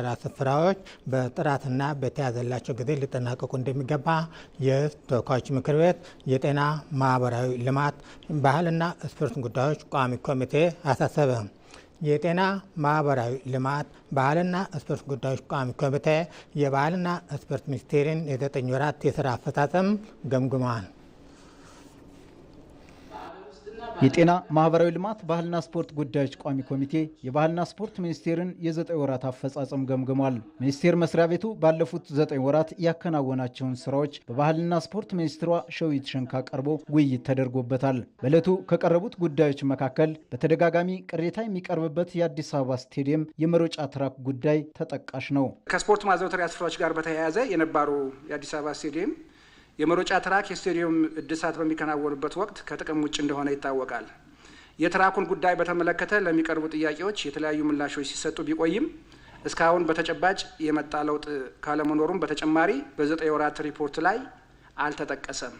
የማስተዳደር ስፍራዎች በጥራትና በተያዘላቸው ጊዜ ሊጠናቀቁ እንደሚገባ የተወካዮች ምክር ቤት የጤና ማህበራዊ ልማት፣ ባህልና ስፖርት ጉዳዮች ቋሚ ኮሚቴ አሳሰበ። የጤና ማህበራዊ ልማት ባህልና ስፖርት ጉዳዮች ቋሚ ኮሚቴ የባህልና ስፖርት ሚኒስቴርን የዘጠኝ ወራት የስራ አፈጻጸም ገምግመዋል። የጤና ማህበራዊ ልማት ባህልና ስፖርት ጉዳዮች ቋሚ ኮሚቴ የባህልና ስፖርት ሚኒስቴርን የዘጠኝ ወራት አፈጻጸም ገምግሟል። ሚኒስቴር መስሪያ ቤቱ ባለፉት ዘጠኝ ወራት ያከናወናቸውን ስራዎች በባህልና ስፖርት ሚኒስትሯ ሸዊት ሸንካ ቀርቦ ውይይት ተደርጎበታል። በዕለቱ ከቀረቡት ጉዳዮች መካከል በተደጋጋሚ ቅሬታ የሚቀርብበት የአዲስ አበባ ስቴዲየም የመሮጫ ትራክ ጉዳይ ተጠቃሽ ነው። ከስፖርት ማዘውተሪያ ስፍራዎች ጋር በተያያዘ የነባሩ የአዲስ አበባ ስቴዲየም የመሮጫ ትራክ የስቴዲየም እድሳት በሚከናወንበት ወቅት ከጥቅም ውጭ እንደሆነ ይታወቃል። የትራኩን ጉዳይ በተመለከተ ለሚቀርቡ ጥያቄዎች የተለያዩ ምላሾች ሲሰጡ ቢቆይም እስካሁን በተጨባጭ የመጣ ለውጥ ካለመኖሩም በተጨማሪ በዘጠኝ ወራት ሪፖርት ላይ አልተጠቀሰም።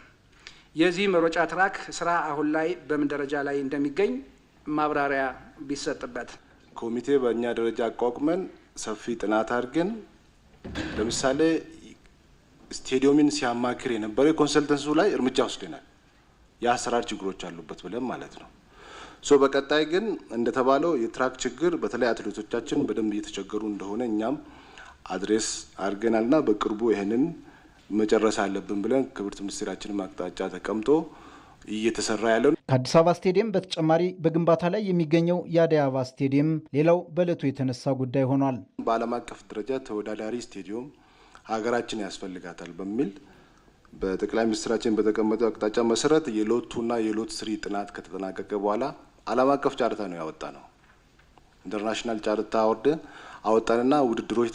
የዚህ መሮጫ ትራክ ስራ አሁን ላይ በምን ደረጃ ላይ እንደሚገኝ ማብራሪያ ቢሰጥበት። ኮሚቴ በእኛ ደረጃ አቋቁመን ሰፊ ጥናት አድርገን ለምሳሌ ስቴዲየምን ሲያማክር የነበረው የኮንሰልተንሱ ላይ እርምጃ ወስደናል። የአሰራር ችግሮች አሉበት ብለን ማለት ነው። ሶ በቀጣይ ግን እንደተባለው የትራክ ችግር በተለይ አትሌቶቻችን በደንብ እየተቸገሩ እንደሆነ እኛም አድሬስ አድርገናልና በቅርቡ ይህንን መጨረስ አለብን ብለን ክብርት ሚኒስትራችንም አቅጣጫ ተቀምጦ እየተሰራ ያለው ከአዲስ አበባ ስቴዲየም በተጨማሪ በግንባታ ላይ የሚገኘው የአዲስ አበባ ስቴዲየም ሌላው በእለቱ የተነሳ ጉዳይ ሆኗል። በዓለም አቀፍ ደረጃ ተወዳዳሪ ስቴዲየም ሀገራችን ያስፈልጋታል በሚል በጠቅላይ ሚኒስትራችን በተቀመጠው አቅጣጫ መሰረት የሎቱና የሎት ስሪ ጥናት ከተጠናቀቀ በኋላ ዓለም አቀፍ ጨረታ ነው ያወጣ ነው። ኢንተርናሽናል ጨረታ አወርደን አወጣንና ውድድሮች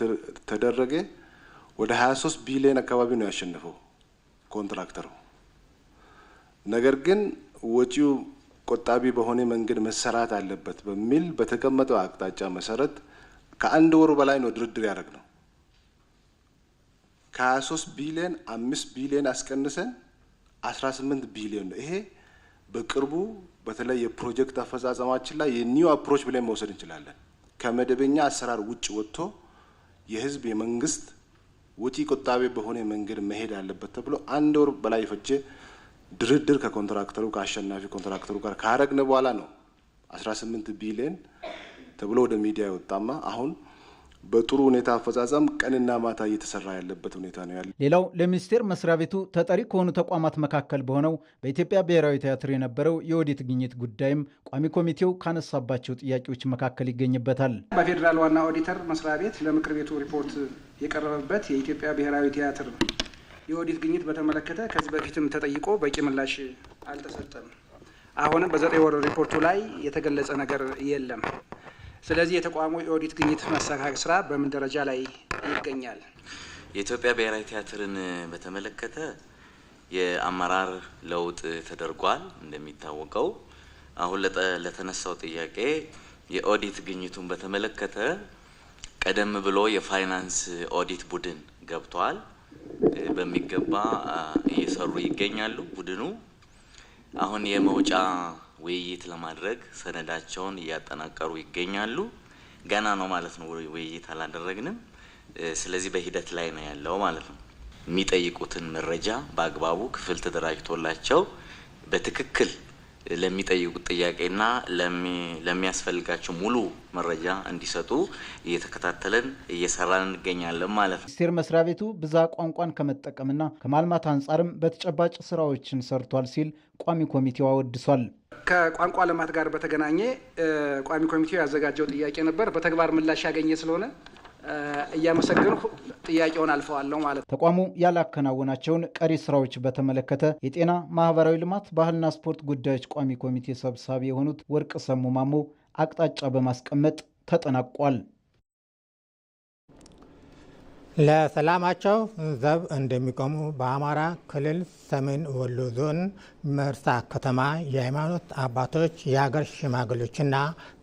ተደረገ። ወደ 23 ቢሊዮን አካባቢ ነው ያሸነፈው ኮንትራክተሩ። ነገር ግን ወጪው ቆጣቢ በሆነ መንገድ መሰራት አለበት በሚል በተቀመጠው አቅጣጫ መሰረት ከአንድ ወሩ በላይ ነው ድርድር ያደረግ ነው። ከ23 ቢሊዮን 5 ቢሊዮን አስቀንሰን 18 ቢሊዮን ነው። ይሄ በቅርቡ በተለይ የፕሮጀክት አፈጻጸማችን ላይ የኒው አፕሮች ብለን መውሰድ እንችላለን። ከመደበኛ አሰራር ውጭ ወጥቶ የህዝብ የመንግስት ወጪ ቆጣቢ በሆነ መንገድ መሄድ አለበት ተብሎ አንድ ወር በላይ የፈጀ ድርድር ከኮንትራክተሩ ከአሸናፊ ኮንትራክተሩ ጋር ካረግን በኋላ ነው 18 ቢሊዮን ተብሎ ወደ ሚዲያ የወጣማ አሁን በጥሩ ሁኔታ አፈጻጸም ቀንና ማታ እየተሰራ ያለበት ሁኔታ ነው ያለ። ሌላው ለሚኒስቴር መስሪያ ቤቱ ተጠሪ ከሆኑ ተቋማት መካከል በሆነው በኢትዮጵያ ብሔራዊ ቲያትር የነበረው የኦዲት ግኝት ጉዳይም ቋሚ ኮሚቴው ካነሳባቸው ጥያቄዎች መካከል ይገኝበታል። በፌዴራል ዋና ኦዲተር መስሪያ ቤት ለምክር ቤቱ ሪፖርት የቀረበበት የኢትዮጵያ ብሔራዊ ቲያትር የኦዲት ግኝት በተመለከተ ከዚህ በፊትም ተጠይቆ በቂ ምላሽ አልተሰጠም። አሁንም በዘጠኝ ወር ሪፖርቱ ላይ የተገለጸ ነገር የለም። ስለዚህ የተቋሙ የኦዲት ግኝት ማስተካከል ስራ በምን ደረጃ ላይ ይገኛል? የኢትዮጵያ ብሔራዊ ቲያትርን በተመለከተ የአመራር ለውጥ ተደርጓል። እንደሚታወቀው አሁን ለተነሳው ጥያቄ የኦዲት ግኝቱን በተመለከተ ቀደም ብሎ የፋይናንስ ኦዲት ቡድን ገብቷል። በሚገባ እየሰሩ ይገኛሉ። ቡድኑ አሁን የመውጫ ውይይት ለማድረግ ሰነዳቸውን እያጠናቀሩ ይገኛሉ። ገና ነው ማለት ነው፣ ውይይት አላደረግንም። ስለዚህ በሂደት ላይ ነው ያለው ማለት ነው። የሚጠይቁትን መረጃ በአግባቡ ክፍል ተደራጅቶላቸው በትክክል ለሚጠይቁት ጥያቄና ለሚያስፈልጋቸው ሙሉ መረጃ እንዲሰጡ እየተከታተለን እየሰራን እንገኛለን ማለት ነው። ሚኒስቴር መስሪያ ቤቱ ብዛ ቋንቋን ከመጠቀምና ከማልማት አንጻርም በተጨባጭ ስራዎችን ሰርቷል ሲል ቋሚ ኮሚቴው አወድሷል። ከቋንቋ ልማት ጋር በተገናኘ ቋሚ ኮሚቴው ያዘጋጀው ጥያቄ ነበር። በተግባር ምላሽ ያገኘ ስለሆነ እያመሰገንኩ ጥያቄውን አልፈዋለሁ ማለት ነው። ተቋሙ ያላከናወናቸውን ቀሪ ስራዎች በተመለከተ የጤና ማህበራዊ ልማት፣ ባህልና ስፖርት ጉዳዮች ቋሚ ኮሚቴ ሰብሳቢ የሆኑት ወርቅ ሰሙ ማሞ አቅጣጫ በማስቀመጥ ተጠናቋል። ለሰላማቸው ዘብ እንደሚቆሙ በአማራ ክልል ሰሜን ወሎ ዞን መርሳ ከተማ የሃይማኖት አባቶች፣ የሀገር ሽማግሌዎችና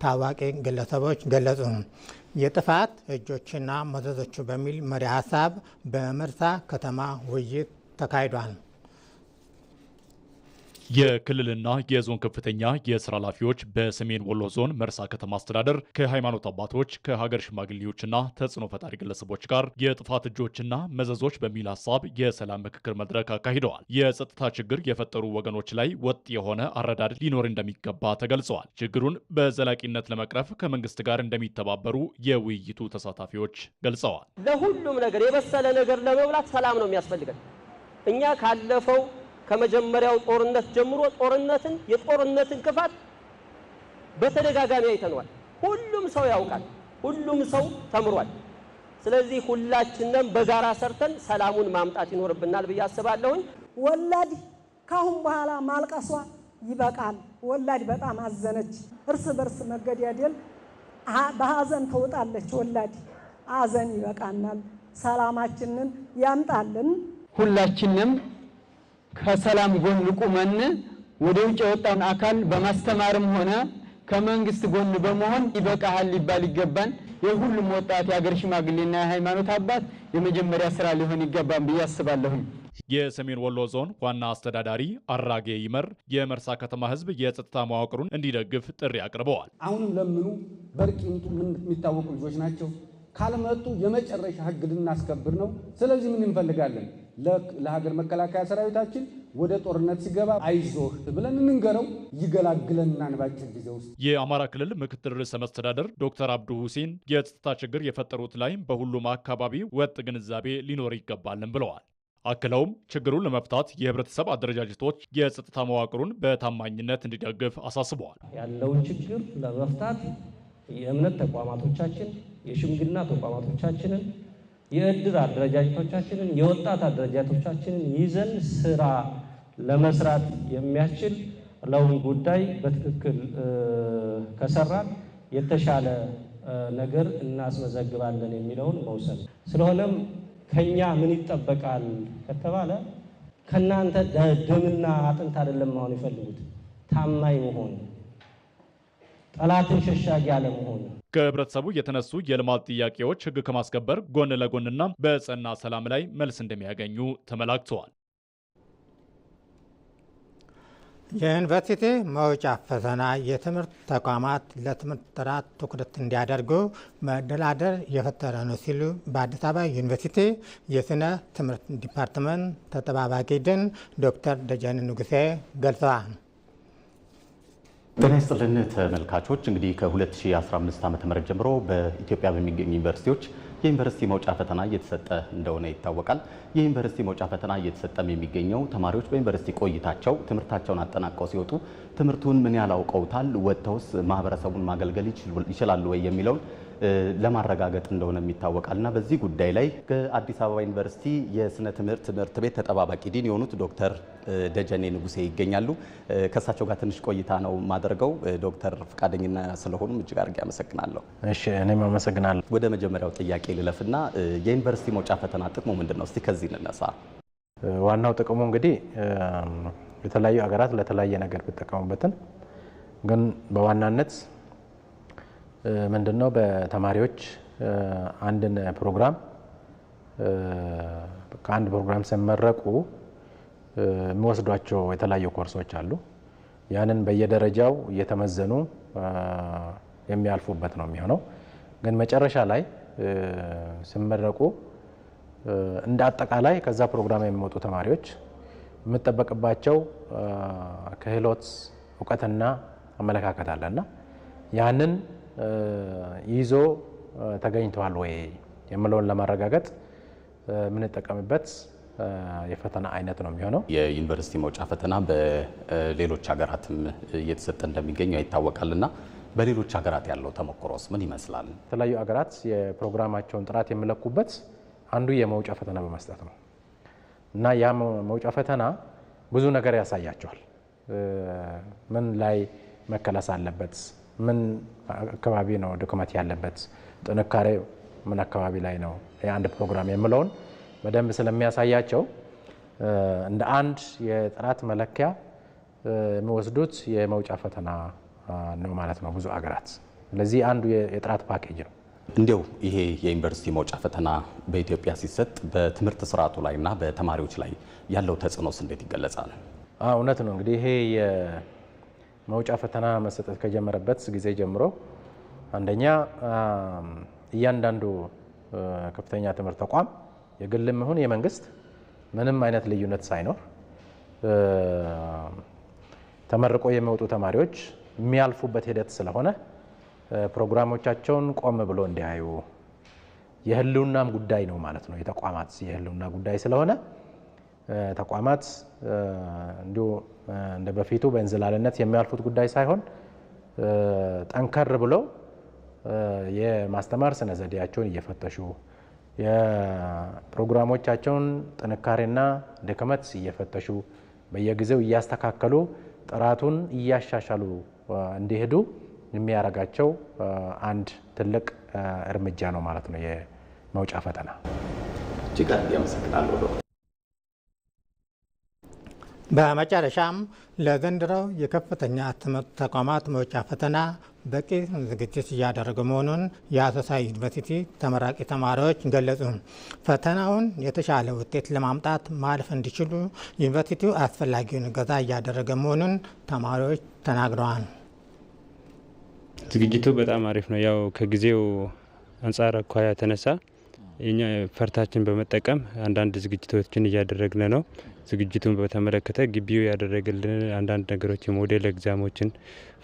ታዋቂ ግለሰቦች ገለጹ። የጥፋት እጆችና መዘዞቹ በሚል መሪ ሀሳብ በመርሳ ከተማ ውይይት ተካሂዷል። የክልልና የዞን ከፍተኛ የስራ ኃላፊዎች በሰሜን ወሎ ዞን መርሳ ከተማ አስተዳደር ከሃይማኖት አባቶች ከሀገር ሽማግሌዎችና ተጽዕኖ ፈጣሪ ግለሰቦች ጋር የጥፋት እጆችና መዘዞች በሚል ሀሳብ የሰላም ምክክር መድረክ አካሂደዋል። የጸጥታ ችግር የፈጠሩ ወገኖች ላይ ወጥ የሆነ አረዳድ ሊኖር እንደሚገባ ተገልጸዋል። ችግሩን በዘላቂነት ለመቅረፍ ከመንግስት ጋር እንደሚተባበሩ የውይይቱ ተሳታፊዎች ገልጸዋል። ለሁሉም ነገር የበሰለ ነገር ለመብላት ሰላም ነው የሚያስፈልገን እኛ ካለፈው ከመጀመሪያው ጦርነት ጀምሮ ጦርነትን የጦርነትን ክፋት በተደጋጋሚ አይተነዋል። ሁሉም ሰው ያውቃል፣ ሁሉም ሰው ተምሯል። ስለዚህ ሁላችንም በጋራ ሰርተን ሰላሙን ማምጣት ይኖርብናል ብዬ አስባለሁኝ። ወላድ ካሁን በኋላ ማልቀሷ ይበቃል። ወላድ በጣም አዘነች። እርስ በርስ መገዳደል በሀዘን ተውጣለች። ወላድ ሀዘን ይበቃናል፣ ሰላማችንን ያምጣልን ሁላችንም ከሰላም ጎን ቁመን ወደ ውጭ የወጣውን አካል በማስተማርም ሆነ ከመንግስት ጎን በመሆን ይበቃሃል ሊባል ይገባን። የሁሉም ወጣት የአገር ሽማግሌና የሃይማኖት አባት የመጀመሪያ ስራ ሊሆን ይገባን ብዬ አስባለሁኝ። የሰሜን ወሎ ዞን ዋና አስተዳዳሪ አራጌ ይመር የመርሳ ከተማ ህዝብ የጸጥታ መዋቅሩን እንዲደግፍ ጥሪ አቅርበዋል። አሁንም ለምኑ በርቅ የሚታወቁ ልጆች ናቸው። ካልመጡ የመጨረሻ ህግ ልናስከብር ነው። ስለዚህ ምን እንፈልጋለን? ለሀገር መከላከያ ሰራዊታችን ወደ ጦርነት ሲገባ አይዞህ ብለን እንንገረው፣ ይገላግለንና ባጭር ጊዜ ውስጥ። የአማራ ክልል ምክትል ርዕሰ መስተዳደር ዶክተር አብዱ ሁሴን የጸጥታ ችግር የፈጠሩት ላይም በሁሉም አካባቢ ወጥ ግንዛቤ ሊኖር ይገባልን ብለዋል። አክለውም ችግሩን ለመፍታት የህብረተሰብ አደረጃጀቶች የጸጥታ መዋቅሩን በታማኝነት እንዲደግፍ አሳስበዋል። ያለውን ችግር ለመፍታት የእምነት ተቋማቶቻችን የሽምግልና ተቋማቶቻችንን፣ የእድር አደረጃጀቶቻችንን፣ የወጣት አደረጃጀቶቻችንን ይዘን ስራ ለመስራት የሚያስችል ለውን ጉዳይ በትክክል ከሰራን የተሻለ ነገር እናስመዘግባለን የሚለውን መውሰድ። ስለሆነም ከኛ ምን ይጠበቃል ከተባለ ከእናንተ ደምና አጥንት አይደለም መሆን ይፈልጉት ታማኝ መሆን ጠላትን ሸሻጊ አለመሆን ከህብረተሰቡ የተነሱ የልማት ጥያቄዎች ህግ ከማስከበር ጎን ለጎንና በጸና ሰላም ላይ መልስ እንደሚያገኙ ተመላክተዋል። የዩኒቨርሲቲ መውጫ ፈተና የትምህርት ተቋማት ለትምህርት ጥራት ትኩረት እንዲያደርጉ መደላደር የፈጠረ ነው ሲሉ በአዲስ አበባ ዩኒቨርሲቲ የስነ ትምህርት ዲፓርትመንት ተጠባባቂ ድን ዶክተር ደጀን ንጉሴ ገልጸዋል። ጤና ይስጥልን ተመልካቾች፣ እንግዲህ ከ2015 ዓ ም ጀምሮ በኢትዮጵያ በሚገኙ ዩኒቨርሲቲዎች የዩኒቨርሲቲ መውጫ ፈተና እየተሰጠ እንደሆነ ይታወቃል። የዩኒቨርሲቲ መውጫ ፈተና እየተሰጠም የሚገኘው ተማሪዎች በዩኒቨርሲቲ ቆይታቸው ትምህርታቸውን አጠናቀው ሲወጡ ትምህርቱን ምን ያህል አውቀውታል፣ ወጥተውስ ማህበረሰቡን ማገልገል ይችላሉ ወይ የሚለውን ለማረጋገጥ እንደሆነ ይታወቃል እና በዚህ ጉዳይ ላይ ከአዲስ አበባ ዩኒቨርሲቲ የስነ ትምህርት ትምህርት ቤት ተጠባባቂ ዲን የሆኑት ዶክተር ደጀኔ ንጉሴ ይገኛሉ። ከእሳቸው ጋር ትንሽ ቆይታ ነው ማደርገው። ዶክተር ፈቃደኝና ስለሆኑም እጅግ አድርጌ አመሰግናለሁ። እሺ እኔም አመሰግናለሁ። ወደ መጀመሪያው ጥያቄ ልለፍና የዩኒቨርሲቲ መውጫ ፈተና ጥቅሙ ምንድን ነው? እስቲ ከዚህ እንነሳ። ዋናው ጥቅሙ እንግዲህ የተለያዩ ሀገራት ለተለያየ ነገር ብጠቀሙበትን ግን በዋናነት ምንድነው በተማሪዎች አንድን ፕሮግራም ከአንድ ፕሮግራም ሲመረቁ የሚወስዷቸው የተለያዩ ኮርሶች አሉ። ያንን በየደረጃው እየተመዘኑ የሚያልፉበት ነው የሚሆነው። ግን መጨረሻ ላይ ሲመረቁ እንደ አጠቃላይ ከዛ ፕሮግራም የሚወጡ ተማሪዎች የምጠበቅባቸው ክህሎት፣ እውቀትና አመለካከት አለና ያንን ይዞ ተገኝተዋል ወይ የምለውን ለማረጋገጥ የምንጠቀምበት የፈተና አይነት ነው የሚሆነው። የዩኒቨርሲቲ መውጫ ፈተና በሌሎች ሀገራትም እየተሰጠ እንደሚገኝ ይታወቃል እና በሌሎች ሀገራት ያለው ተሞክሮስ ምን ይመስላል? የተለያዩ ሀገራት የፕሮግራማቸውን ጥራት የሚለኩበት አንዱ የመውጫ ፈተና በመስጠት ነው እና ያ መውጫ ፈተና ብዙ ነገር ያሳያቸዋል። ምን ላይ መከለስ አለበት ምን አካባቢ ነው ድክመት ያለበት፣ ጥንካሬ ምን አካባቢ ላይ ነው የአንድ ፕሮግራም የምለውን በደንብ ስለሚያሳያቸው እንደ አንድ የጥራት መለኪያ የሚወስዱት የመውጫ ፈተና ነው ማለት ነው ብዙ አገራት። ስለዚህ አንዱ የጥራት ፓኬጅ ነው። እንዲያው ይሄ የዩኒቨርሲቲ መውጫ ፈተና በኢትዮጵያ ሲሰጥ በትምህርት ስርዓቱ እና በተማሪዎች ላይ ያለው ተጽዕኖስ እንዴት ይገለጻል? እውነት ነው እንግዲህ ይሄ መውጫ ፈተና መሰጠት ከጀመረበት ጊዜ ጀምሮ አንደኛ እያንዳንዱ ከፍተኛ ትምህርት ተቋም የግልም ይሁን የመንግስት ምንም አይነት ልዩነት ሳይኖር ተመርቆ የሚወጡ ተማሪዎች የሚያልፉበት ሂደት ስለሆነ ፕሮግራሞቻቸውን ቆም ብሎ እንዲያዩ የህልውናም ጉዳይ ነው ማለት ነው። የተቋማት የህልውና ጉዳይ ስለሆነ ተቋማት እንዲሁ እንደ በፊቱ በእንዝላልነት የሚያልፉት ጉዳይ ሳይሆን ጠንከር ብለው የማስተማር ስነ ዘዴያቸውን እየፈተሹ የፕሮግራሞቻቸውን ጥንካሬና ድክመት እየፈተሹ በየጊዜው እያስተካከሉ ጥራቱን እያሻሻሉ እንዲሄዱ የሚያደርጋቸው አንድ ትልቅ እርምጃ ነው ማለት ነው የመውጫ ፈተና። እጅግ አመሰግናለሁ። በመጨረሻም ለዘንድሮው የከፍተኛ ትምህርት ተቋማት መውጫ ፈተና በቂ ዝግጅት እያደረገ መሆኑን የአሶሳ ዩኒቨርሲቲ ተመራቂ ተማሪዎች ገለጹ። ፈተናውን የተሻለ ውጤት ለማምጣት ማለፍ እንዲችሉ ዩኒቨርሲቲው አስፈላጊውን እገዛ እያደረገ መሆኑን ተማሪዎች ተናግረዋል። ዝግጅቱ በጣም አሪፍ ነው። ያው ከጊዜው አንጻር አኳያ ተነሳ የኛ ፈርታችን በመጠቀም አንዳንድ ዝግጅቶችን እያደረግን ነው። ዝግጅቱን በተመለከተ ግቢው ያደረገልን አንዳንድ ነገሮች የሞዴል ኤግዛሞችን፣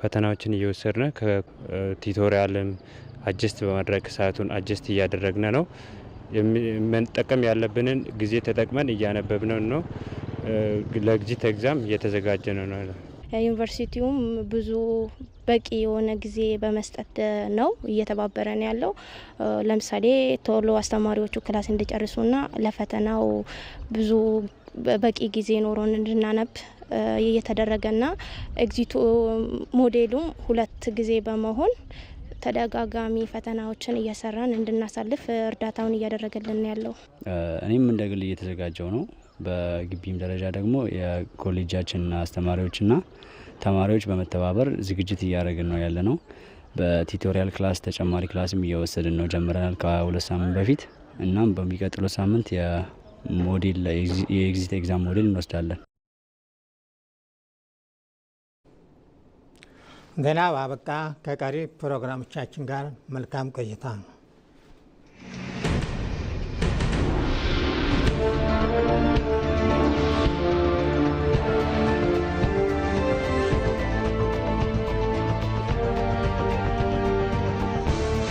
ፈተናዎችን እየወሰድነ ከቲቶሪያልም አጀስት በማድረግ ሰዓቱን አጀስት እያደረግነ ነው። መጠቀም ያለብንን ጊዜ ተጠቅመን እያነበብነው ነው። ለግጂት ኤግዛም እየተዘጋጀ ነው ነው ዩኒቨርሲቲውም ብዙ በቂ የሆነ ጊዜ በመስጠት ነው እየተባበረን ያለው። ለምሳሌ ቶሎ አስተማሪዎቹ ክላስ እንዲጨርሱና ለፈተናው ብዙ በቂ ጊዜ ኖሮን እንድናነብ እየተደረገና ኤግዚቱ ሞዴሉም ሁለት ጊዜ በመሆን ተደጋጋሚ ፈተናዎችን እየሰራን እንድናሳልፍ እርዳታውን እያደረገልን ያለው። እኔም እንደ ግል እየተዘጋጀው ነው። በግቢም ደረጃ ደግሞ የኮሌጃችን አስተማሪዎችና ተማሪዎች በመተባበር ዝግጅት እያደረግን ነው ያለ ነው። በቲቶሪያል ክላስ ተጨማሪ ክላስም እየወሰድን ነው። ጀምረናል ከሁለት ሳምንት በፊት እናም በሚቀጥለው ሳምንት ሞዴል የኤግዚት ኤግዛም ሞዴል እንወስዳለን። ገና አበቃ ከቀሪ ፕሮግራሞቻችን ጋር መልካም ቆይታ ነው።